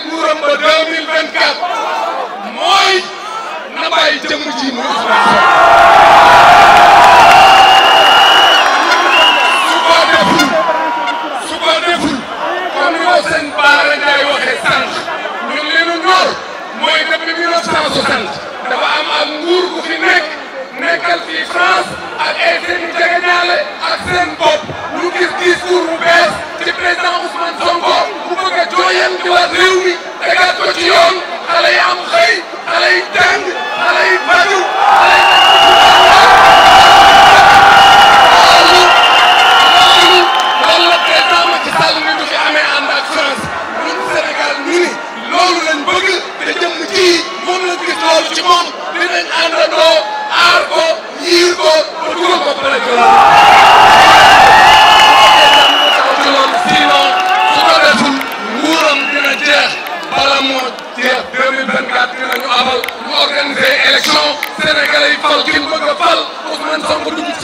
parcours am ba deux mille vingt quatre mooy na bàyyi jëm ji mu Ousmane su ko deful su ko deful comme ni ko sëñ Baara Ndiaye waxee sànq ñun li ñu ñor mooy depuis mille neuf cent soixante dafa am ak nguur gu fi nekk nekkal fii France ak ay seen i jegeñaale ak seen bopp ñu gis discours bu bees ci président Ousmane Sonko. yem ci waa réew mi tegaat ko ci yoon xale yi 2024 dinañu amal ñu organiser élection Sénégalais yi fal ki ñu bëgg a fal Ousmane Sonko dugg